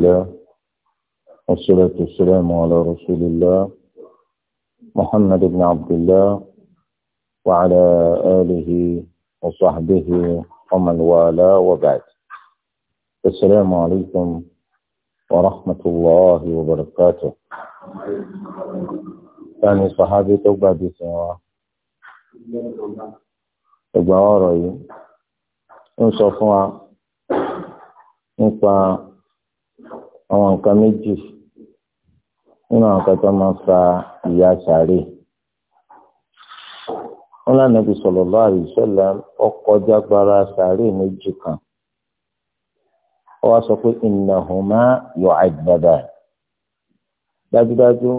الله والصلاة والسلام على رسول الله محمد بن عبد الله وعلى آله وصحبه ومن والاه وبعد السلام عليكم ورحمة الله وبركاته ثاني يعني صحابي توبة بسوا توبة ورأي إن شاء الله àwọn nǹkan méjì nínú àwọn nǹkan tó máa ń fa ìyà sàárè wọn lánàá bí sallallahu alaihi wasallam ọkọjá gbára sàárè méjì kan wọ́n sọ pé innahuma yu'adhaban dájúdájú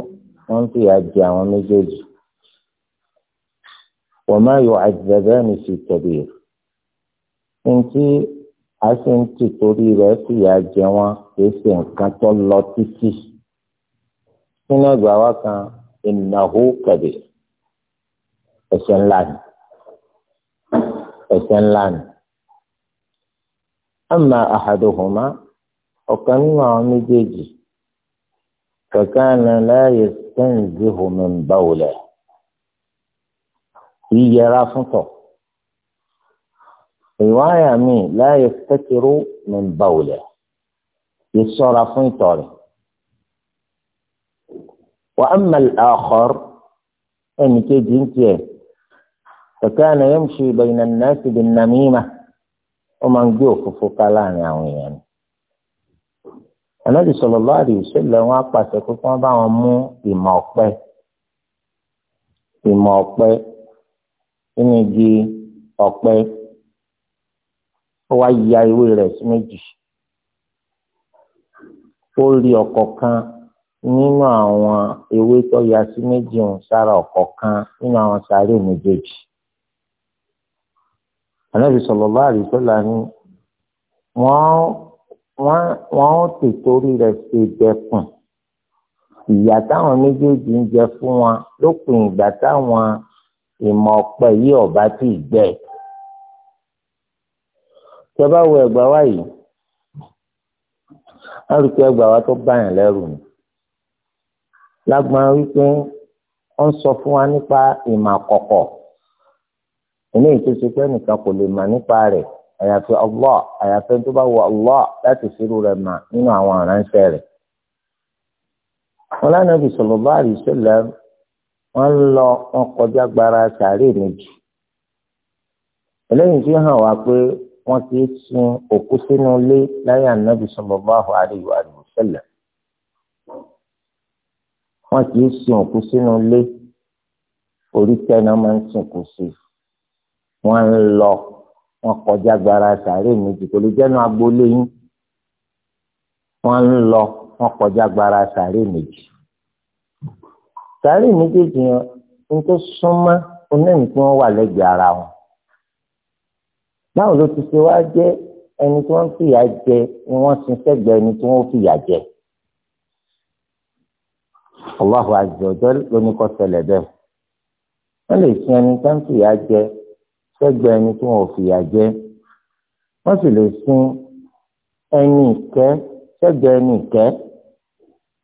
wọ́n fi ìyà jẹ àwọn méjèèjì wa ma yu'adhaban fi kabir ntí a sì ń tìtorí rẹ̀ fìyà jẹ wọn kì í ṣe nǹkan tó lọ títí. nínú ìgbà wa kan ìnáwó kẹ̀dẹ̀ ẹ̀ṣẹ̀ ńlá ni ẹ̀ṣẹ̀ ńlá ni. ama ahaduhuma ọ̀kan nínú àwọn méjèèjì kàkà náà láàyè sẹ́ǹdì homi ń bá wọlé kì fún tọ̀ riwaya mi la yaftakiru min bawle yìí sọ́ra fún ìtọ̀ rẹ̀ wa amma al-akhar ẹnì kejì ń tiẹ̀ fakana yamshi bayna an-nasi bin-namima ó máa ń gbé òfófó ká láàrin àwọn èèyàn ni anabi sallallahu alaihi wasallam wọn apàṣẹ pé kí wọn bá wọn mú ìmọ̀ ọ̀pẹ ìmọ̀ ọ̀pẹ nínú igi ọ̀pẹ ó wá ya ewé rẹ̀ sí méjì ó rí ọ̀kọ̀ọ̀kan nínú àwọn ewé tó ya sí méjì ń sára ọ̀kọ̀ọ̀kan nínú àwọn sàárè méjèèjì ànábì sallallahu alaihi wasallam ni wọ́n wọ́n wọ́n ó tètò orí rẹ̀ ṣe dẹkùn ìyà táwọn méjèèjì ń jẹ fún wọn lópin ìgbà táwọn ìmọ̀ ọ̀pẹ yìí ọ̀bá ti gbẹ tẹ́bá wo ẹ̀gbà wá yìí wọ́n rí pé ẹ̀gbà wá tó báyàn lẹ́rù ni lágbọ́n wípé wọ́n ń sọ fún wa nípa ìmọ̀ àkọ́kọ́ eléyìí tó ṣe pé nìkan kò lè mà nípa rẹ̀ àyàfi Allah àyàfi tó bá wọ Allah láti ṣírú rẹ̀ mà nínú àwọn aránṣẹ́ rẹ̀ wọn lánàá bí sallallahu alaihi wasallam wọn ń lọ wọn kọjá gbára sàárè méjì eléyìí fi hàn wá pé wọn kì í sin òkú sínú ilé láyé ànábì sallallahu alaihi wa sallam wọn kì í sin òkú sínú ilé orí tẹná máa ń sìnkú sí wọn ń lọ wọn kọjá gbára sàárè méjì kò lè jẹnu agboolé yín wọn ń lọ wọn kọjá gbára sàárè méjì sàárè méjèèjì yẹn ń tó súnmọ́ oníyìnbí wọn wà lẹ́gbẹ̀ẹ́ ara wọn báwo ló ti ṣe wá jẹ́ ẹni tí wọ́n ń fìyà jẹ ni wọ́n ti sẹ́gbẹ̀ẹ́ ẹni tí wọ́n ń fìyà jẹ. Allahu azza wa jal lóní kọ́ ṣẹlẹ̀ bẹ́ẹ̀. wọ́n lè sin ẹni tí wọ́n ń fìyà jẹ sẹ́gbẹ̀ẹ́ ẹni tí wọ́n fìyà jẹ. wọ́n sì lè sin ẹni ìkẹ́ sẹ́gbẹ̀ẹ́ ẹni ìkẹ́.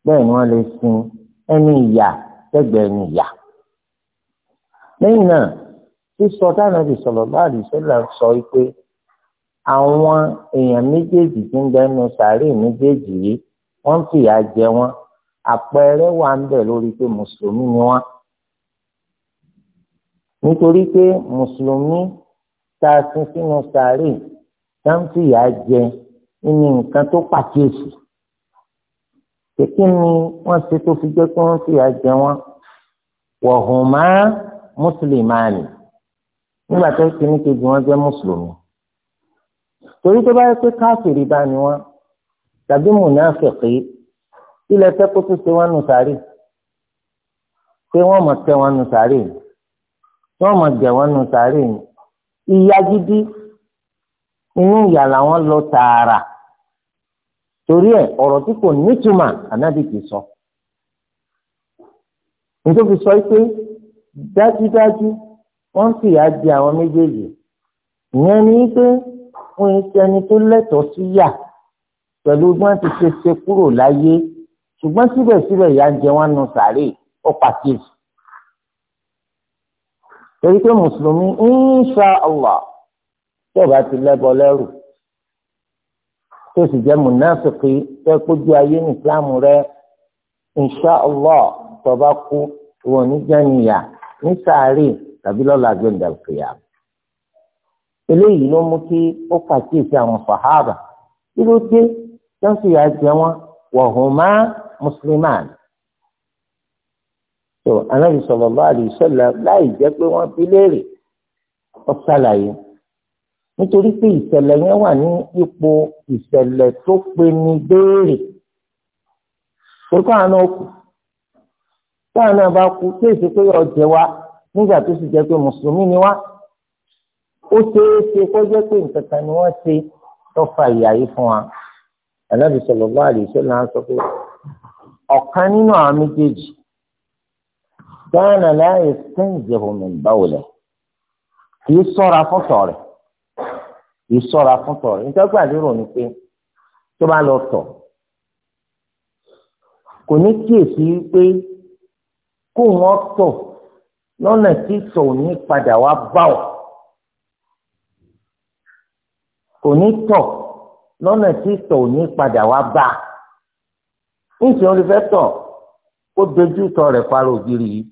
bẹ́ẹ̀ ni wọ́n lè sin ẹni ìyà sẹ́gbẹ̀ẹ́ ẹni ìyà. lẹ́yìn náà sísọ táwọn ẹbí sọlọ báàlì sọlá sọ pé àwọn èèyàn méjèèjì tí ń bẹnu sàárè méjèèjì yìí wọ́n fìyà jẹ wọ́n àpẹẹrẹ wà ń bẹ lórí pé mùsùlùmí ni wọ́n nítorí pé mùsùlùmí tá a sin sínú sàárè tá ń fìyà jẹ nínú nǹkan tó pàkíyèsí kìkì ni wọ́n ṣe tó fi jẹ́ pé wọ́n fìyà jẹ wọ́n wọ̀hùnmá mùsùlùmáàni nígbà tó ti ní kejì wọn jẹ́ mùsùlùmí torí tó bá yẹ pé káfìrí bá ní wọn tàbí mùnáfìkì ilẹ̀ tẹ́ kó tó ṣe wọn nù sáré pé wọ́n mọ̀ tẹ́ wọn nù sáré ni wọ́n mọ̀ jẹ̀ wọn nù sáré ìyá gidi inú ìyà làwọn lọ tààrà torí ẹ ọ̀rọ̀ tí kò nítumọ̀ ànábì kì í sọ nítorí sọ pé dájúdájú wọ́n sì yá di àwọn méjèèjì ìyẹn ni pé fún iṣẹ́ ẹni tó lẹ́tọ̀ọ́ sí yà pẹ̀lú bí wọ́n ti ṣe ṣe kúrò láyé ṣùgbọ́n síbẹ̀síbẹ̀ ìyà ń jẹ wọ́n nu sàárè ó pàkíyèsí. torí pé mùsùlùmí insha allah tó bá ti lẹ́bọ lẹ́rù tó sì jẹ́ mùnáfìkì tó kójú ayé ní ìsìlámù rẹ insha allah tó bá kú ìwọ̀n níjẹ́ nìyà ní sàárè tàbí lọ́la gbẹ̀ndà kìyà. eléyìí ló mú kí ó pàkíyèsí àwọn sàhábà kí ló dé jọ́sìn yà jẹ́ wọn wọ̀hùnmá mùsùlùmáà tó anábì sallallahu alaihi wasallam láì jẹ́ pé wọ́n fi léèrè ó ṣàlàyé nítorí pé ìṣẹ̀lẹ̀ yẹn wà ní ipò ìṣẹ̀lẹ̀ tó pe ní béèrè torí káwọn náà kú káwọn náà bá kú kí èsì pé ọjẹ wa nígbà tó sì jẹ́ pé mùsùlùmí ni wá ó ṣeé ṣe kó jẹ́ pé nǹkan kan ni wọ́n ṣe tó fa ìyà yìí fún wa Ànábì sallallahu alaihi wasallam sọ pé ọ̀kan nínú àwọn méjèèjì gánà láàyè sẹ́ǹzẹ̀hùnmí báwòlẹ̀ kì í sọ́ra fún tọ̀rẹ̀ kì í sọ́ra fún tọ̀rẹ̀ nítorí àdúrò ni pé tó bá lọ tọ̀ kò ní kíyèsí pé kó wọ́n tọ̀ lọ́nà tí sọ ò ní padà wá bá ọ kò ní tọ̀ lọ́nà tí sọ ò ní padà wá bá a níṣẹ́ olùfẹ́tọ̀ ó dojú tọ rẹ̀ parọ́ ògiri yìí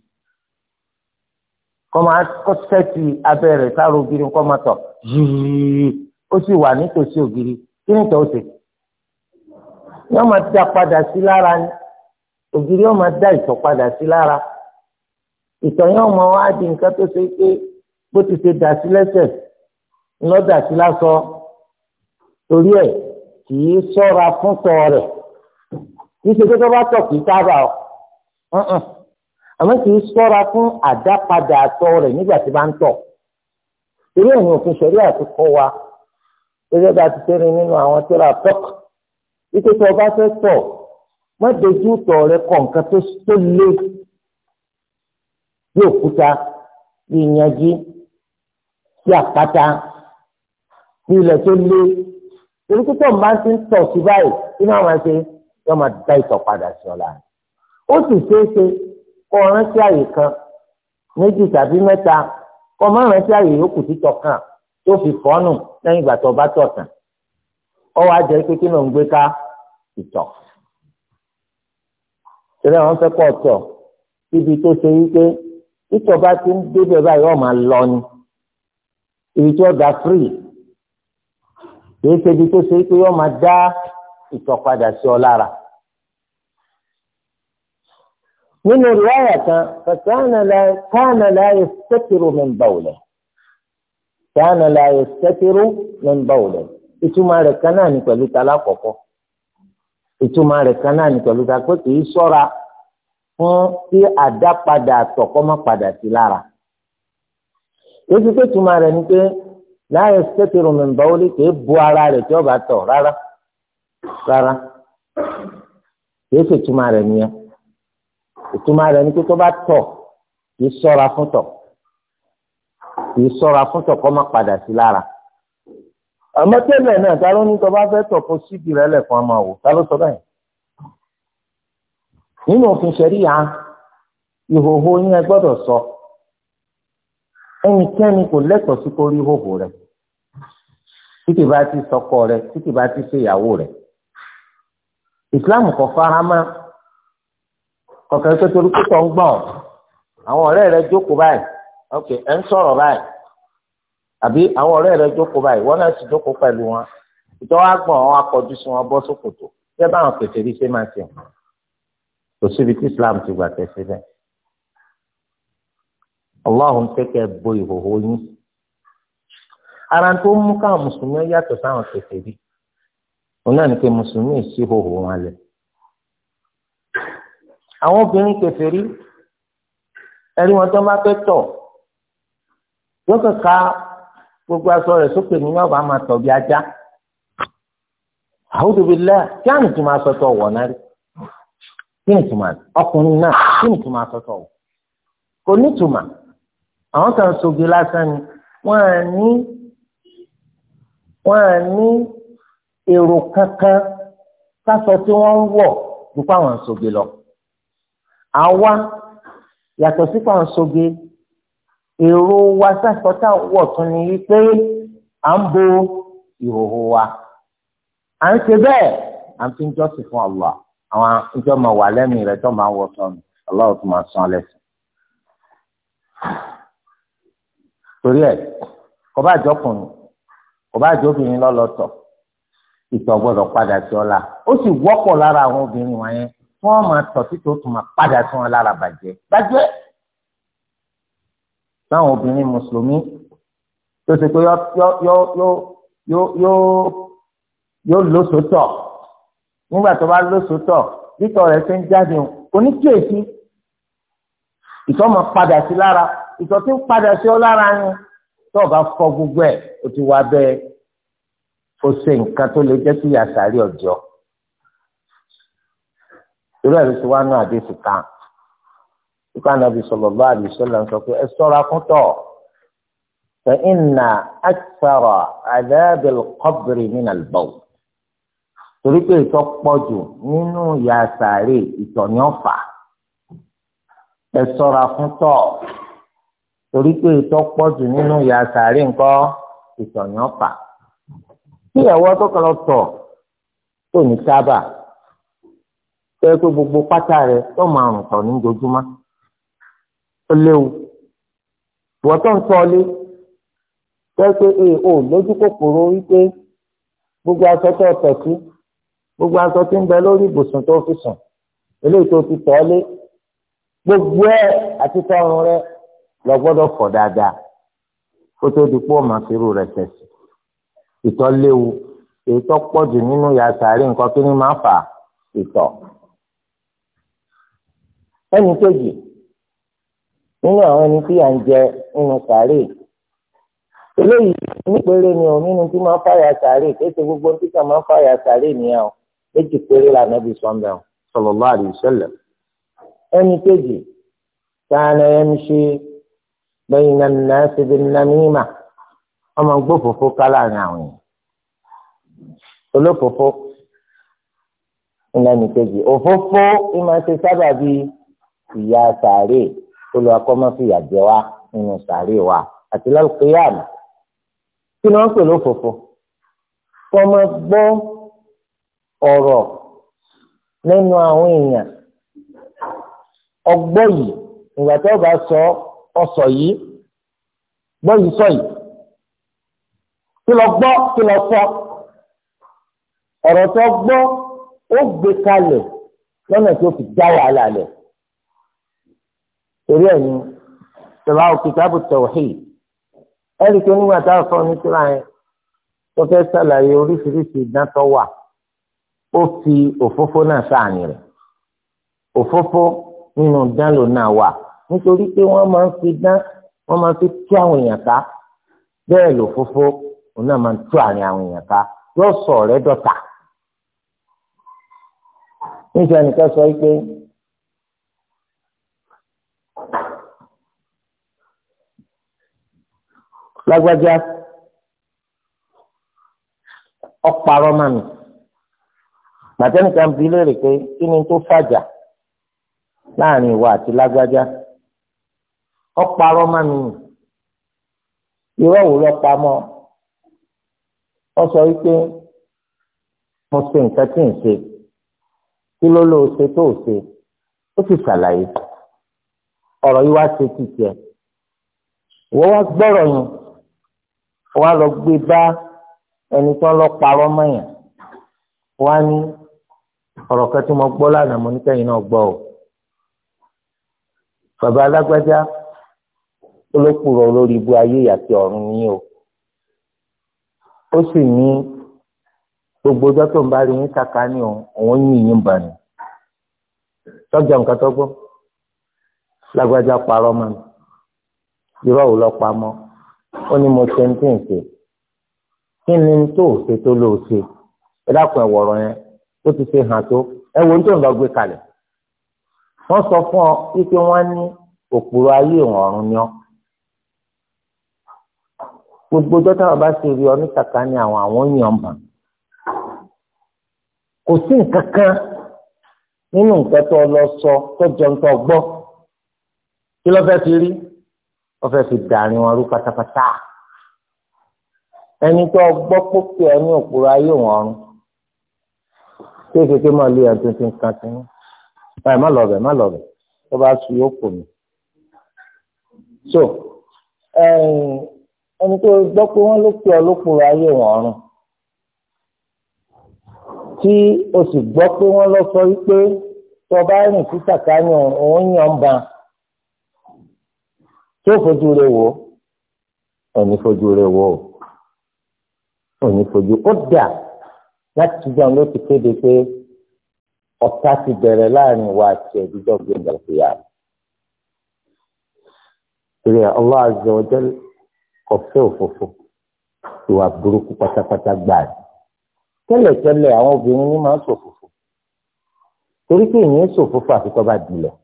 kọ́ máa kọ́ sẹ́ẹ̀tì abẹ́ rẹ̀ sáré ògiri kọ́ máa tọ̀ yìí ó sì wà nítòsí ògiri kí ni tọ́ ṣe yọ́n máa dá padà sí lára ni ògiri yọ́n máa dá ìtọ̀ padà sí lára ìtọ̀ yẹn ọmọ wa di nǹkan tó ṣe pé bó ti ṣe dà sí lẹ́sẹ̀ ńlọ dà sí lásọ torí ẹ̀ kì í ṣọ́ra fún tọ̀ rẹ̀ kì í ṣe pé tó bá tọ̀ kì í sábà ọ̀ àmọ́ kì í ṣọ́ra fún àdápadà àtọ̀ rẹ̀ nígbà tí bá ń tọ̀ torí ẹ̀ ní òfin ṣẹ̀rí àti kọ́ wa gẹ́gẹ́ bá ti ṣe rí nínú àwọn tírà tọ́k ike tó fẹ́ tọ̀ mọ́ dojú tọ̀ rẹ̀ kọ̀ nǹkan tó lé bí òkúta bí ìyanjú bí àpáta bí ilẹ̀ tó lé orúkú tó ń bá ti ń tọ̀ sí báyìí kí máa máa ṣe yóò máa dá ìtọ̀ padà sí ọ̀la ó sì ṣeé ṣe kó o rántí àyè kan méjì tàbí mẹ́ta kó o má rántí àyè yòókù títọ̀ kan tó fi fọ́nù lẹ́yìn ìgbà tó o bá tọ̀ tán ọ wá jẹ́ pé kí ló ń gbé ká ìtọ̀ ṣẹlẹ̀ wọn fẹ́ kọ́ ọ̀tọ̀ síbi tó ṣe wípé títọ́ bá ti ń débẹ̀ báyìí ọ̀ máa lọ ni èyí tí ọ̀dà free èyí tẹbi tó ṣe pé ọ̀ máa dá ìtọ̀padà sí ọ lára. nínú riwaya kan kàánà láàyè sẹ́kìrù mi ń bá òlẹ̀ kàánà láàyè sẹ́kìrù mi ń bá òlẹ̀ ìtumọ̀ rẹ̀ kan náà ni pẹ̀lú tala kọ̀kọ́ ìtumọ̀ rẹ̀ kan náà ni pẹ̀lú tala pé kì í sọ́ra fún kí àdápadà àtọ̀kọ́mọ́padà sí lára. Èsì pé tuma rẹ̀ ni pé láyé sẹ́kìrì mẹ́mbà ó lè kéé bu ara rẹ̀ tí ó bá tọ̀ rárá rárá. Èsì tuma rẹ̀ nìyẹn. Ìtuma rẹ̀ ni pé tó bá tọ̀ kì í sọ́ra fún tọ̀ kì í sọ́ra fún tọ̀ kọ́ má padà sí lára. Àmọ́ tẹ́lẹ̀ náà ta ló ní tó bá fẹ́ tọ̀ fún síbi rẹ̀ lẹ̀ fún ọmọ wò ta ló sọ báyìí? nínú òfin ṣẹ̀ríyà ìhòhò yín ẹ gbọ́dọ̀ sọ ẹnikẹ́ni kò lẹ́tọ̀ọ́ sí kó rí ìhòhò rẹ̀ títí bá ti sọkọ rẹ̀ títí bá ti ṣe ìyàwó rẹ̀ ìsìláàmù kò farama kọ̀kẹ́ tó torí pípọ̀ ń gbọ̀n àwọn ọ̀rẹ́ rẹ̀ jókòó báyìí ok ẹ̀ ń sọ̀rọ̀ báyìí àbí àwọn ọ̀rẹ́ rẹ̀ jókòó báyìí wọ́n náà sì jókòó pẹ̀lú wọn ìjọ wa gbọ̀n wọn akọjú sí wọn bọ́ sókòtò jẹ́ báwọn pèsè rí ṣe máa ṣe hàn kò síbi tí islam ti gbà tẹ̀sí bẹ́ẹ̀. ọlọ́run kẹ́kẹ́ bo ìhòòhò yín. ara tó mú káwọn mùsùlùmí yàtọ̀ sáwọn tẹ̀sí rí òun náà ni pé mùsùlùmí sí ìhòòhò wọn lẹ̀. àwọn obìnrin tẹ̀sí rí ẹ̀rí wọn tó bá fẹ́ tọ̀ yóò kàn gbogbo aṣọ rẹ̀ sókè ní ọba máa tọ̀ bí ajá. àwùjọ bíi lẹ́yà kí àmì tí máa tó wọ̀ náà rí kí ni tùmọ̀ ọkùnrin náà kí ni tùmọ̀ àtọ̀tọ̀ o kò ní tùmọ̀ àwọn kan soge lásán ni wọ́n á ní wọ́n á ní èrò kankan sásọ tí wọ́n ń wọ̀ nípa àwọn soge lọ àwa yàtọ̀ sípa àwọn soge èrò wa sásọ tá à ń tún ni wípé à ń bo ìhòòhò wa à ń ṣe bẹ́ẹ̀ à ń fi jọ́sìn fún Allah àwọn ìjọ máa wà lẹ́nu rẹ̀ tó máa wọ sọnù ọlọ́run tó máa san lẹ́sìn. torí ẹ kò bá jọkùnrin kò bá jọkùnrin lọ́lọ́tọ̀ ìtọ̀ gbọ́dọ̀ padà sí ọ̀la ó sì wọ́pọ̀ lára àwọn obìnrin wọn yẹn tí wọ́n máa tọ̀ títí ó tún máa padà sí wọn lára bàjẹ́ bàjẹ́ táwọn obìnrin mùsùlùmí tó ṣe pé yóò yóò yóò yóò yóò lóṣòótọ́ nígbà tó bá lóṣù tọ̀ títọ̀ rẹ̀ ṣe ń jáde oníkèésí ìtọ̀ máa padà sí lára ìtọ̀ tí ń padà sí ọ lára yẹn tó o bá fọ gbogbo ẹ̀ o ti wá bẹ́ẹ̀ o ṣe nǹkan tó lè jẹ́ kí àṣàrí ọjọ́ irú ẹ̀rí tí wàá náà dé sí kan ìkọ́ ànábì sallallahu alaihi wasallam sọ pé ẹ sọ́ra fún tọ̀ fa inna akthara adhabil qabri min al torí pé ìtọ́ pọ̀ jù nínú ìyà sàárè ìtọ̀ ni ó fà ẹ sọ́ra fún tọ̀ torí pé ìtọ́ pọ̀ jù nínú ìyà sàárè ńkọ́ ìtọ̀ ni ó fà kí ẹ̀wọ́ tó kọ́ lọ tọ̀ tó ní sábà pé pé gbogbo pátá rẹ tó máa rùn tọ̀ ní ó léwu ìwọ́n tó ń tọ́ lé pé pé o lójú kòkòrò wípé gbogbo aṣọ tó tọ̀ sí gbogbo aṣọ tí ń bẹ lórí ibùsùn tó fi sùn eléyìí tó ti tọ́lé gbogbo ẹ̀ àti tọrùn rẹ lọ gbọ́dọ̀ fọ̀ dáadáa kó tó di pọ́ màá fi irú rẹ̀ tẹ̀sí ìtọ̀ léwu ètò pọ̀jù nínú yàtàrí nǹkan kí ni máa fà ìtọ̀ ẹnì kejì nínú àwọn ẹni tí à ń jẹ nínú sàárè eléyìí nípele ni ò nínú tí máa fàyà sàárè kéṣe gbogbo títà máa fàyà sàárè nìyẹn o méjì péré la nàbì sọmbẹ sallallahu alaihi wasallam ẹni kejì kana yamshi bayna an-nasi bin-namima ọmọ gbófòfó kálá ní àwọn yìí olófòfó ìlànà kejì òfófó ìmọ̀ọ́sí sábà bí ìyá sàárè olùwàkọ́mọ́fìyà jẹ wá nínú sàárè wa àti lálùkìyàmù kí ni wọ́n pè lófòfó kọ́mọ gbọ́. ọ̀rọ̀ lẹ́nu àwọn èèyàn ọgbọ́ yìí ìgbà tó sọ ọsọ yìí gbọ́ yìí sọ yìí kí lọ gbọ́ kí lọ sọ ọ̀rọ̀ tó gbọ́ ó gbé kalẹ̀ lọ́nà tó fi dá wàhálà lẹ̀ torí ẹ̀yin tọ́lá kitabu tawhid ẹ̀rí tó tá a ní tó fẹ́ ó fi òfófó náà sáàní rẹ̀ òfófó nínú dánlò náà wà nítorí pé wọ́n máa ń fi dán wọ́n máa ń fi tú àwọn èèyàn ká bẹ́ẹ̀ lòfófó òun náà máa ń tú àárín àwọn èèyàn ká yóò sọ ọ̀rẹ́ dọ̀tá níṣẹ́ nìkan sọ pé lágbájá ọ̀parọ́ màmí màtẹ́nìkan bi léèrè pé kí ni tó fàjà láàrin ìwà àti lágbájá ó parọ́ má mi irọ́ wò lọ pamọ́ ó sọ wípé mo ṣe nǹkan tí ń ṣe kí ló lóò ṣe tó ṣe ó sì ṣàlàyé ọ̀rọ̀ yìí wá ṣe ti tiẹ̀ wọ́n wá gbọ́rọ̀ yẹn wọ́n á lọ gbé bá ẹni tí wọ́n lọ parọ́ mọ́ yẹn wọ́n á ní ọ̀rọ̀ kan tí mo gbọ́ lánàá mo ní kẹ́yìn náà gbọ́ o bàbá alágbájá olókùrọ olórí ibu ayé àti ọ̀run ni o ó sì ní gbogbo ọjọ́ tó ń bá rí yín kàkà ní òun òun yìn yín bà ní tọ́jà nǹkan tó gbọ́ lágbájá parọ́ mọ́ mi irọ́ ò lọ pamọ́ ó ní mo ṣe ń tí ń ṣe kí ni tó ṣe tó lóò ṣe ẹ dákun ẹ̀wọ̀rọ̀ yẹn ó ti ṣe hàn tó ẹ wo nítorí lọ gbé kalẹ̀ wọ́n sọ fún ọ wípé wọ́n ní òpùrọ̀ ayé ìwọ̀rùn ni ọ́ gbogbo dọ́tà bàbá ṣe rí ọ ní kàkà ní àwọn àwọn yàn bà kò sí nǹkan kan nínú nǹkan tó lọ sọ tó jọ ń tọ́ kí ló fẹ́ fi rí wọ́n fẹ́ fi dàrin wọn rú pátápátá ẹni tó gbọ́ pópẹ́ ọ ní òpùrọ̀ ayé ìwọ̀rùn ṣé èsì pé màálù yẹn tó ti ń kan sí báyìí má lọ bẹ̀ má lọ bẹ̀ tó bá su yóò pò mí. so ẹni tó gbọ́ pé wọ́n ló pè ọ́ ló pòrò ayé wọn ọ̀run tí o sì gbọ́ pé wọ́n lọ sọ wípé tó bá rìn sí sàkáàní òun yàn ń ban fojú rẹ wò ó fojú rẹ wò ó fojú ó dà láti túbọ̀ ló ti kéde pé ọ̀tá ti bẹ̀rẹ̀ láàrin wa àti ẹ̀dúgbọ̀ gbẹ̀ngà ìyá. ìrẹ̀ Allah azza wa jal kò fẹ́ òfófó ìwà burúkú pátápátá gbà ní. tẹ́lẹ̀tẹ́lẹ̀ àwọn obìnrin ní máa ń ṣòfófó torí pé ìyẹn ṣòfófó àfikọ́ bá dilẹ̀.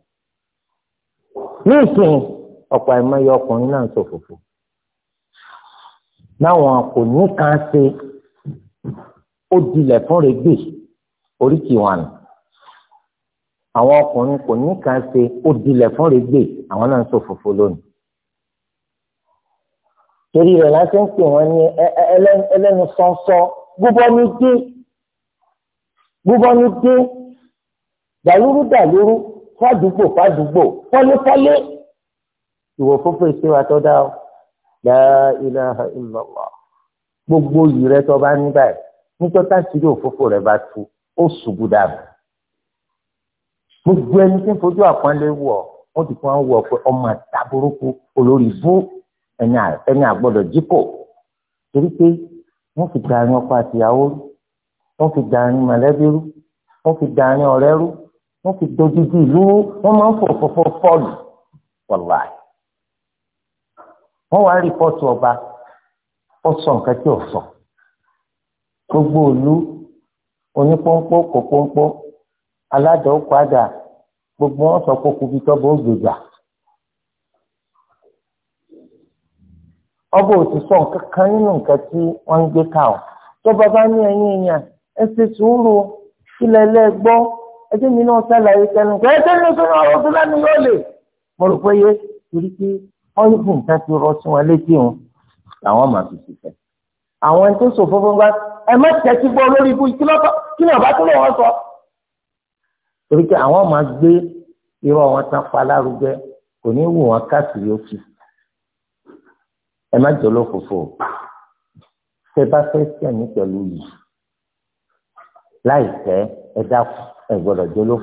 ní ìsìn ọ̀pọ̀ àìmọye ọkùnrin náà ń ṣòfófó. náwọn kò ní kan ṣe ó dilẹ̀ fún rẹ̀gbẹ̀ oríkì wọn ni àwọn ọkùnrin kò ní kàn ṣe ó dilẹ̀ fún rẹ̀gbẹ̀ àwọn náà ń sọ fòfò lónìí torí rẹ̀ láti ń pè wọ́n ní ẹlẹ́nu sọ́nsọ́ gbogbo ní dé gbogbo ní dé dàlúrú dàlúrú fàdúgbò fàdúgbò fọ́léfọ́lé ìwọ fúnfún ìṣèwà tó dá ọ la ilaha illallah gbogbo yìí rẹ tó bá ní báyìí níjọ́ táṣírí òfófó rẹ̀ bá tú ó ṣubú dànù gbogbo ẹni tí ń fojú àpọ́nlé wọ̀ wọ́n ti fún wọn wọ̀ pé ọmọ àtà burúkú olórí bú ẹni àgbọ́dọ̀ jíkò torí pé wọ́n fi dàrin ọkọ àtìyàwó rú wọ́n fi dàrin mọ̀lẹ́bí rú wọ́n fi dàrin ọ̀rẹ́ rú wọ́n fi dojú di ìlú rú wọ́n máa ń fòfòfò fọ́ọ̀lù wọ̀lá wọ́n wá rí pọ́ọ̀tù ọba ó sọ nǹkan tí ò sọ gbogbo òlu onípọ́npọ́ kò pọ́npọ́ aládàá ó padà gbogbo wọn sọ pé kùbí tọ́bọ̀ ó gbèjà. ọba ò ti sọ nǹkan kan nínú nǹkan tí wọ́n ń gbé ká ọ̀ tó bàbá ní ẹ̀yìn èèyàn ẹ ṣe sùúrù ilẹ̀ ẹlẹ́gbọ́ ẹjẹ́ mi náà ṣàlàyé tẹnu pé ẹjẹ́ mi tó náà rọ́ọ̀tún yóò lè. mo rò pé torí pé ọ́yìn fún nǹkan ti rọ sí wọn létí òun làwọn máa fi ṣiṣẹ́ àwọn ẹni tó sòfò fún wa ẹ má tẹ́tí gbọ́ lórí ibú kí lọ́tọ́ kí ni ọ̀bá tó lọ́ wọn sọ. torí pé àwọn máa gbé irọ́ wọn tán fa lárugẹ kò ní wù wọn káàkiri òkè ẹ má jọ ló fòfò ṣe bá fẹ́ sẹ́mi pẹ̀lú yìí láìpẹ́ ẹ dákun ẹ gbọ́dọ̀ jọ ló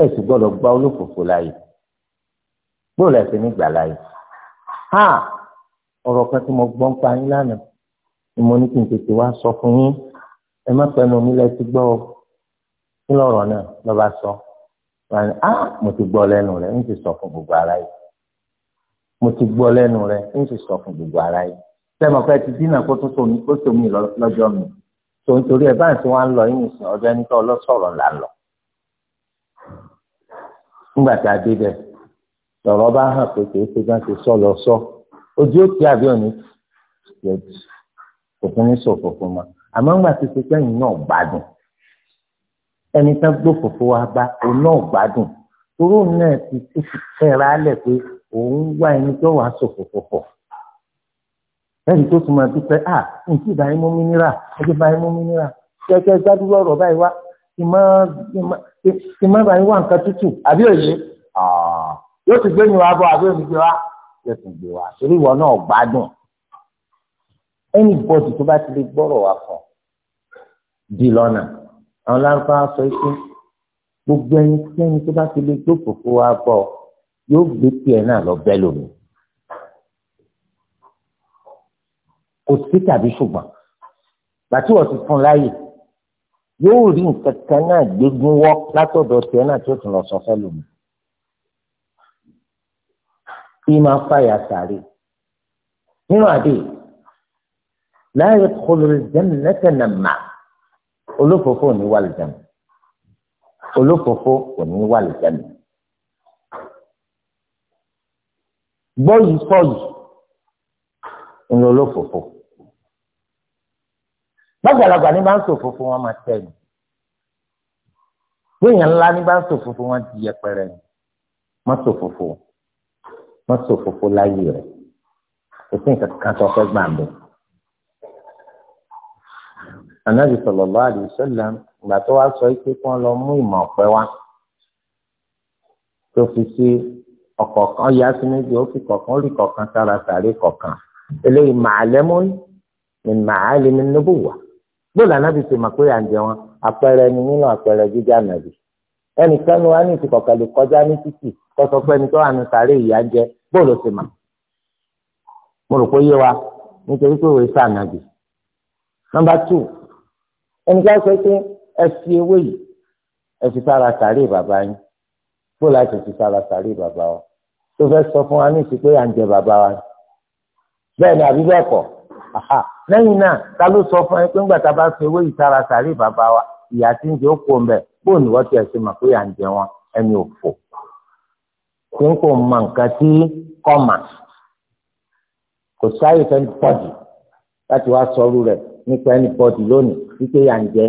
ẹ sì gbọ́dọ̀ gbá olófòfò láàyè bóòlù ẹ ti ní ọ̀rọ̀ kan tí mo gbọ́ ń pa yín lánàá ni mo ní kí n tètè wá sọ fún yín ẹ má pẹ́ nu nílẹ̀ ti gbọ́ ọ kí lọ́rọ̀ náà lọ́ba sọ wà ní á ah, mo ti gbọ́ lẹ́nu rẹ̀ ń sì sọ fún gbogbo ara yìí mo ti gbọ́ lẹ́nu rẹ̀ ń sì sọ fún gbogbo ara yìí sẹ́mi ọ̀pẹ́ ti dínà kó tó sọmi kó sọmi lọ́jọ́ mi tó ń torí ẹ̀ bá ń tí wọ́n á lọ yín nìsín ọjọ́ ẹni tó ọlọ́sọ̀rọ̀ là ń lọ. nígbà tá a dé bẹ̀ lọ́rọ̀ bá hàn pé kì í ṣe bá ti sọ lọ sọ ojú òkè àbí òní yẹtù òfin ní sọ̀fọ̀ fún ma àmọ́ ńgbà tó ti pẹ́yìn náà gbádùn ẹni tán gbófòfò wa bá òun náà gbádùn toró náà ti ti tẹ̀ra alẹ̀ pé òun wá ẹni tó wàá sọ̀fọ̀fọ̀ fọ̀ ẹni tó tún máa dúpẹ́ à nǹkan ìbáyé mú mi níra ẹjẹ́ báyé mú mi níra kẹ́kẹ́ gbádùn lọ́rọ̀ báyìí wá kì má báyìí wá nǹkan tútù àbí òye yóò ti gbé mi wá bọ̀ àbí òye wa yóò tún gbé wa torí ìwọ náà gbádùn ẹnì bọ́dù tó bá ti lè gbọ́rọ̀ wá fún di lọ́nà àwọn lárúbáwá sọ pé gbogbo ẹni tí ẹni tó bá ti lè gbófòfò wá bọ̀ yóò gbé tiẹ̀ náà lọ bẹ́ẹ̀ lómi kò sí tàbí ṣùgbọ́n bàtí wọ́n ti fún láàyè yóò rí nǹkan kan náà gbégún wọ́ látọ̀dọ̀ tiẹ̀ náà tó tún lọ sọ fẹ́ lómi. فيما máa fàyà sàárè nínú لا يدخل الجنة lẹ́tẹ̀nà mà olófòfò ò والجنة، wà lùdẹ́mù olófòfò ò ní wà lùdẹ́mù gbọ́ yìí sọ yìí ń lọ olófòfò lọ́gbàlagbà ní bá ń ṣòfófó wọn máa tẹ̀ ní gbẹ̀yìn ńlá ní bá ń ṣòfófó wọn ti yẹpẹrẹ ní má ṣòfófó wọn wọ́n ṣòfófó láyé rẹ̀ kò sí nǹkan kan tó fẹ́ gbà mọ́. Ànábì sallallahu alaihi wasallam ìgbà tó wá sọ pé kí wọ́n lọ mú ìmọ̀ ọ̀pẹ wá tó fi sí ọ̀kọ̀ọ̀kan yá sí méjì ó fi kọ̀ọ̀kan ó rí kọ̀ọ̀kan sára sàrí kọ̀ọ̀kan eléyìí ma'alamun min ma'alimin nubuwwa gbọ́dọ̀ ànábì ṣe mà pé à ń jẹ wọn àpẹẹrẹ ni nínú àpẹẹrẹ jíjẹ́ ànábì ẹnìkan ni ní ìsìnkọ̀kẹ́ lè kọjá ní títì kọ́sọ́ tó wà ní sàrí ìyá jẹ́ bóòlù ti mà mo rò pé yé wa nítorí pé òwe sáà nàbì nọ́mbà two ẹnì kan sọ pé ẹ fi ewé yìí ẹ fi sára sàárè bàbá yín bó láti fi sára sàárè bàbá wa tó fẹ́ sọ fún wa ní ìsìn à ń jẹ bàbá wa bẹ́ẹ̀ ni àbí bẹ́ẹ̀ kọ́ lẹ́yìn náà ta ló sọ fún ẹ pé ńgbà tá a bá fi ewé yìí sára sàárè bàbá wa ìyá tí ń jẹ ó kó ń bẹ bóòlù wọ́n ti ẹ̀ ṣe mà pé à ń jẹ wọn ẹni òfò tí ń kò mọ nǹkan tí kọ́ mà kò sáyè fẹ́ pọ̀jù láti wá sọrú rẹ̀ nípa ẹni pọ̀jù lónìí wípé yà ń jẹ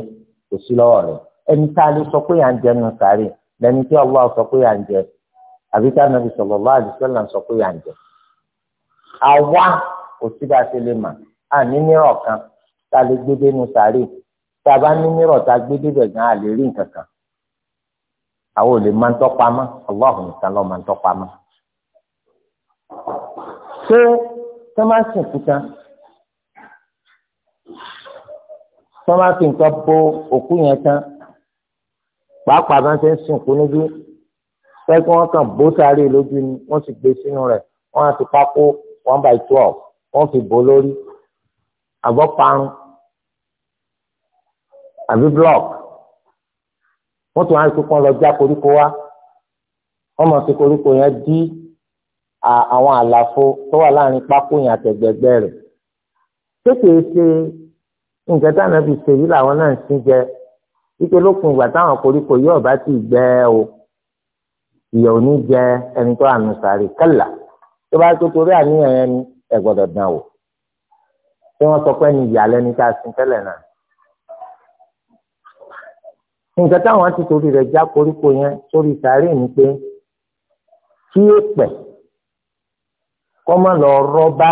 kò sí lọ́wọ́ rẹ̀ ẹni tá a lè sọ pé yà ń jẹ nù sáré lẹni tí Allah sọ pé yà ń jẹ àbí tá a nàbì sallallahu alaihi wasallam sọ pé yà ń jẹ. àwa kò sí bá a ṣe lè mà á ní mìíràn kan tá a lè gbé dénú sáré tá a bá ní mìíràn tá a gbé débẹ̀ gan a lè àwọn ò lè máa ń tọ́pa mọ́ ọlọ́run nìkan lọ́ọ́ máa ń tọ́pa mọ́. ṣé tó máa ń sìn kúta tó máa fi nǹkan bo òkú yẹn tán pàápàá bá ń ṣe ń sìnkú níbí fẹ́ kí wọ́n kàn bó sáré lójú ni wọ́n sì gbé sínú rẹ̀ wọ́n á fi pákó one by twelve wọ́n fi bò lórí àbọ̀ parun àbí block wọ́n tún á ń sọkún lọ já koríko wá wọ́n mọ̀ sí koríko yẹn dí àwọn àlàfo tó wà láàrin pákó yẹn àtẹ̀gbẹ̀gbẹ̀ rẹ̀ kékeré ṣe nǹkan táwọn ẹbí ṣe yìí làwọn náà ń sin jẹ wípé lókun ìgbà táwọn koríko yóò bá ti gbẹ o ìyà ò jẹ ẹni tó àánú sáré kálá tó bá tó àníyàn yẹn ni ẹ gbọ́dọ̀ dán wò tí wọ́n sọ pé ní ìyàlẹ́ni tá a sin tẹ́lẹ̀ náà nǹkan táwọn ti torí rẹ̀ já koríko yẹn sórí sàárè ni pé kí èpẹ̀ kọ́ má lọ rọ́ bá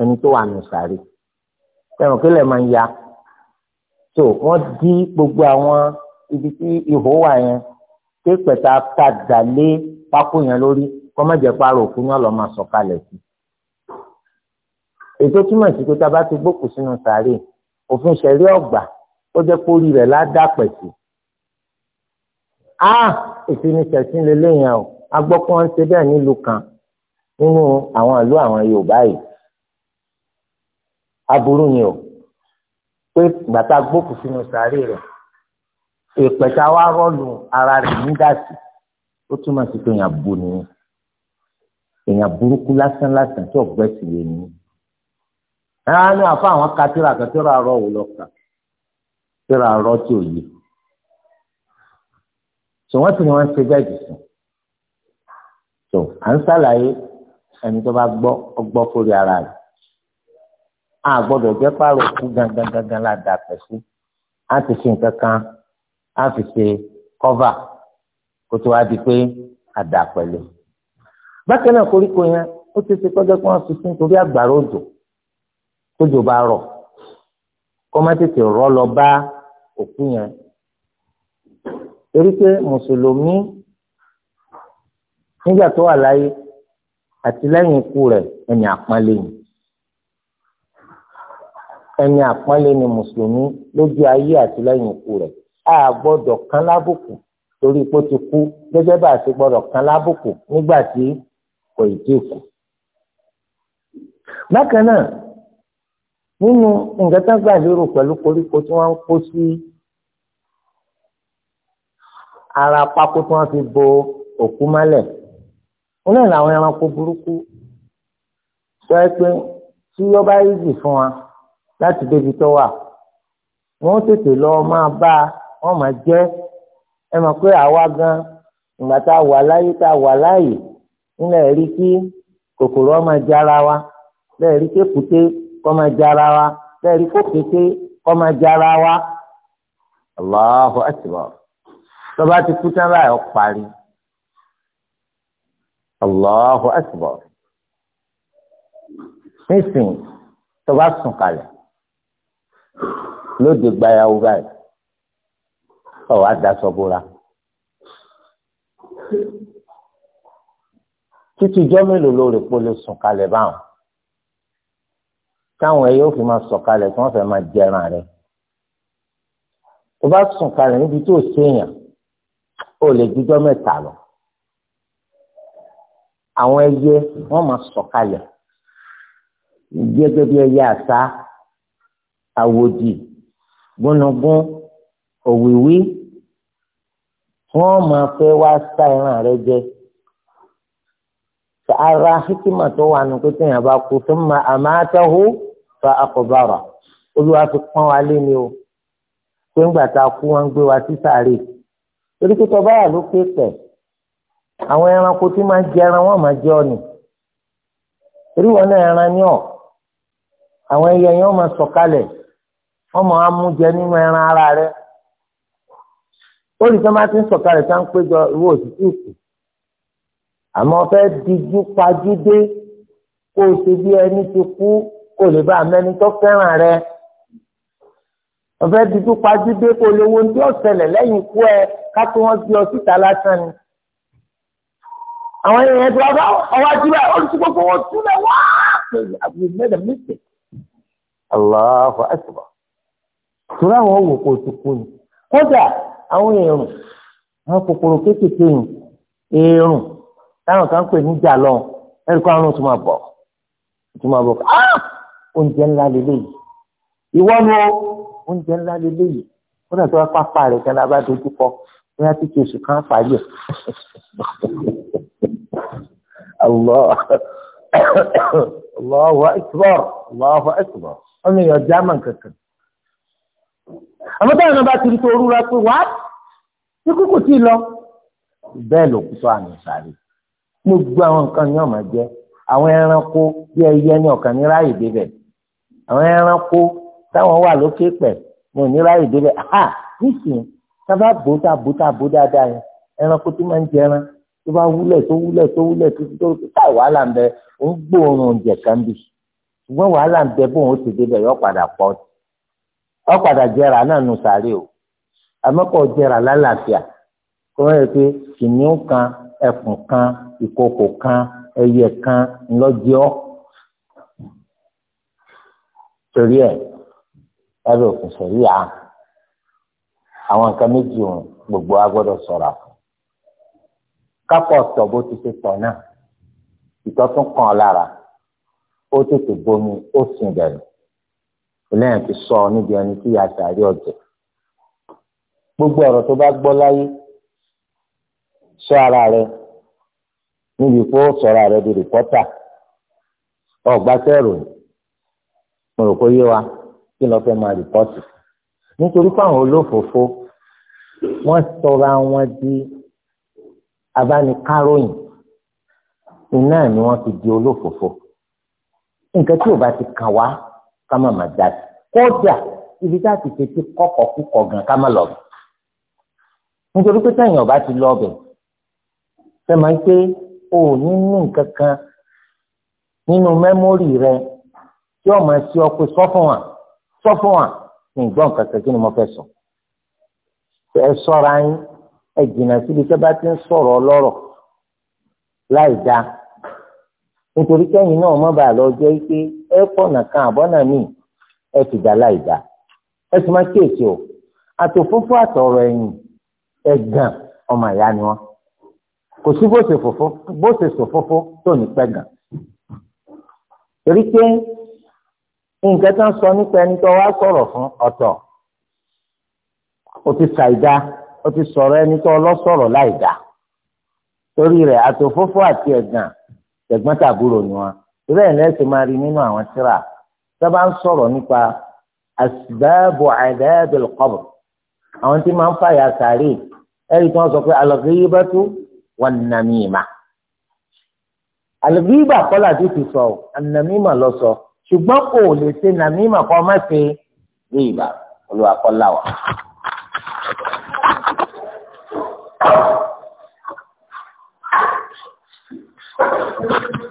ẹni tó wà nù sàárè ẹ̀rùn kílẹ̀ máa ń ya tó wọ́n dí gbogbo àwọn ibi tí ihò wà yẹn kí èpẹ̀ ta padà lé pákó yẹn lórí kọ́ má jẹ́ pàrọ̀ òkú náà lọ́ọ́ máa sọ̀kalẹ̀ sí ètò túmọ̀ sí pé tá a bá ti gbókùn sínú sàárè òfin ṣẹ̀rí ọ̀gbà ó jẹ́ kórìí rẹ̀ ládàpẹ̀ sí á ìfinisẹ̀sìn lélẹ́yìn o agbọ́pọ̀ ń ṣe bẹ́ẹ̀ nílùú kan nínú àwọn ìlú àwọn Yorùbá yìí aburú ni o pé bàtà gbókù sínú sàárè rẹ̀ ìpẹ̀tà wa rọ́ọ̀lù ara rẹ̀ ní dàsí ó túmọ̀ sí pé èèyàn bu nìyẹn èèyàn burúkú lásán lásán tí ọ̀gbẹ́sì yé ni ẹ̀ á ní àfa àwọn katira katira rọ̀ wò lọ́ka katira rọ̀ tí ò yé so wọ́n sì ni wọ́n ń ṣe bẹ́ẹ̀ jù sùn so à ń ṣàlàyé ẹni tó bá gbọ́ ọgbọ́ fórí ara rẹ̀ a gbọ́dọ̀ jẹ́ pààrọ̀ kú gangan gangan la dà pẹ̀ sí a ti fi nǹkan kan a fi ṣe kọ́fà kó tó wá di pé a dà pẹ̀lú bákan náà koríko yẹn ó ti ṣe kọjá pé wọ́n fi sí nítorí àgbàrá òjò tójò bá rọ̀ kó má tètè rọ́ lọ bá òkú yẹn torí pé mùsùlùmí nígbà tó wà láyé àti lẹ́yìn ikú rẹ̀ ẹni àpọ́nlé ni ẹni àpọ́nlé ni mùsùlùmí lójú ayé àti lẹ́yìn ikú rẹ̀ a gbọ́dọ̀ kàn lábùkù torí pé ó ti kú gẹ́gẹ́ bá a ti gbọ́dọ̀ kàn lábùkù nígbà tí kò ì tí kú. bákan náà nínú nǹkan tó gbà lérò pẹ̀lú koríko tí wọ́n ń kó sí. Si, ara pákó tí wọ́n fi bo òkú mọ́lẹ̀ wọn náà làwọn ẹranko burúkú sọ ẹ pé tí yọ bá rí jì fún wa láti débi tó wà wọ́n tètè lọ máa bá wọn máa jẹ ẹ mọ̀ pé àwa gan ìgbà tá a wà láyé tá a wà láàyè nílẹ̀ rí kí kòkòrò ọmọ jara wa lẹ́ẹ̀ rí kékùté kọ́ máa jara wa lẹ́ẹ̀ rí kókété kọ́ máa jara wa. Allahu akbar tọba ti kú tán báyọ̀ parí Allahu Akbar nísìnyí tọba sùn kalẹ̀ lóde gbayàwó báyìí ọ̀wá daṣọ bóra títí ijọ́ mélòó lórí polo sùn kalẹ̀ báwọn táwọn ẹyẹ ó fi máa sọ̀ kalẹ̀ tí wọ́n fẹ́ máa jẹran rẹ̀ tó sùn kalẹ̀ níbi tí ò séèyàn ó lè jíjọ́ mẹ́ta lọ àwọn ẹyẹ wọ́n máa sọ̀kalẹ̀ gẹ́gẹ́ bí ẹyẹ àṣá àwòdì gúnugún òwìwí wọ́n máa fẹ́ wá sá ẹran rẹ jẹ ara hikima tó wà nù pé téèyàn bá kú tó máa àmàtàhù fa akọbàrà olúwa fi pọ́n wa lé ni o pé ńgbà tá a kú wọ́n gbé wa sí sàárè torí pé tọba wà lókè pẹ̀ àwọn ẹranko tí máa jẹ ẹran wọn máa jẹ ọ̀nì torí wọn náà ẹran ní ọ̀ àwọn ẹyẹ yẹn wọn máa sọ̀kalẹ̀ wọn máa mú jẹ nínú ẹran ara rẹ ó máa ti ń sọ̀kalẹ̀ tá à ń péjọ ìwé òtútù kù àmọ́ fẹ́ dijú pajú dé kó o ṣe bí ẹni ti kú kó o lè bá amẹ́ni tó fẹ́ràn rẹ ọ̀fẹ́ dúdú pajú dé kó lè wo ní ọ̀sẹ̀lẹ̀ lẹ́yìn ikú ẹ ká tó wọ́n di ọ̀síta lásán ni. àwọn èèyàn ti wá bá ọwọ́ àdúrà olùsí gbogbo wọn túlẹ̀ wá pé àbúrò mẹ́ta méje. Allahu akbar. Sọ́ra àwọn wò kó ti kú ni. Kódà àwọn èèrùn àwọn kòkòrò kéékèèké yìí èèrùn táwọn kan pè ní jàlọ ẹ̀rí kó tó máa bọ̀ tó máa bọ̀ ah! oúnjẹ ńlá lélẹ́yìí. Ìwọ́nu oúnjẹ ńlá lélẹ́yìí wọ́n náà tó wá pápá rẹ̀ kan lábá dojú kọ bóyá tí kí oṣù kan fàáyè. Allahu akbar Allahu ọmọ èèyàn german kankan. àmọ́ táwọn bá ti rí tó rúra pé wá tí kúkú tí ì lọ. bẹ́ẹ̀ ló kú tó àmì sáré gbogbo àwọn nǹkan ni ọ̀mà jẹ́ àwọn ẹranko bí ẹyẹ ní ọ̀kan ní ráàyè débẹ̀ àwọn ẹranko táwọn wà lókè pẹ̀ mo ní ráyè débẹ̀ ha nísìnyí sábà bó tá bó tá bó dáadáa yẹn ẹranko tí máa ń jẹran tó bá wúlẹ̀ tó wúlẹ̀ tó wúlẹ̀ tó tó tá wàhálà ń bẹ ń gbóòórùn oúnjẹ kan bì ṣùgbọ́n wàhálà ń bẹ bóun ó ti débẹ̀ yọ padà pọ̀ ọ padà jẹrà náà nù sàárè o àmọ́kọ̀ jẹrà lálàáfíà kó wọ́n yẹ pé kìnìún kan ẹkùn kan ìkòkò kan ẹyẹ kan ńlọ́jọ́ torí ẹ̀ lábẹ́ òfin ṣẹ̀ríà àwọn nǹkan méjì òun gbogbo a gbọ́dọ̀ ṣọ́ra fún kápọ̀ ọ̀tọ̀ bó ti ṣe tọ̀ náà ìtọ́tún kan lára ó tètè bomi ó sìn dẹ̀nu lẹ́yìn tí sọ níbi ẹni tí ya sàárì ọ̀jẹ̀ gbogbo ọ̀rọ̀ tó bá gbọ́ láyé sọ ara rẹ níbi kó sọ̀rọ̀ rẹ di rìpọ́tà ọ̀gbá sẹ́rù mo rò kó yé wa kí lọ́ọ́ fẹ́ máa rìpọ́tì nítorí fáwọn olófòfó wọ́n sọra wọn di abánikáròyìn iná ni wọ́n ti di olófòfó nǹkan tí ò bá ti kàn wá ká má máa dá sí kódà ibi tá a ti tètè kọ́kọ́ kúkọ gan ká má lọ bẹ̀ nítorí pé sẹ́yìn ọba ti lọ bẹ̀ fẹ́ máa ń pé o ò ní ní nǹkan kan nínú mẹ́mórì rẹ tí ọmọ ẹ sí ọ pé sọ wa sọ fún wa ní kankan kí ni mo fẹ́ sọ. ẹ sọ́ra yín ẹ jìnnà síbi tẹ́ bá ti ń sọ̀rọ̀ ọlọ́rọ̀ láì dáa nítorí kẹ́yìn náà má bàa lọ jẹ́ pé ẹ pọ̀nà kan àbọ̀nà míì ẹ ti dà láì dáa ẹ sì máa kíyèsí o àtòfófó àtọ̀rọ̀ ẹ̀yìn ẹ̀gàn ọmọ ìyá ni wọn kò sí bó ṣe fòfó bó ṣe sòfófó tó ní pẹ́ gàn torí pé nǹkan tó ń sọ nípa ẹni tó wá sọ̀rọ̀ fún ọ̀tọ̀ ó ti ṣàìdá ó ti sọ̀rọ̀ ẹni tó ọlọ́sọ̀rọ̀ láìdá torí rẹ̀ àtòfófó àti ẹ̀gàn tẹ̀gbọ́n tàbúrò ni wọn bẹ́ẹ̀ ni ẹ ti máa rí nínú àwọn tírà tó bá ń sọ̀rọ̀ nípa asbáàbù àdáàbẹ̀l qabr àwọn tí máa ń fàyà sàárè ẹ̀rí tí wọ́n sọ pé al-ghibatu ṣùgbọ́n kò lè ṣe nàmímà kọ́ má ṣe ní ìbá olùwàkọ́lá wa. Thank you.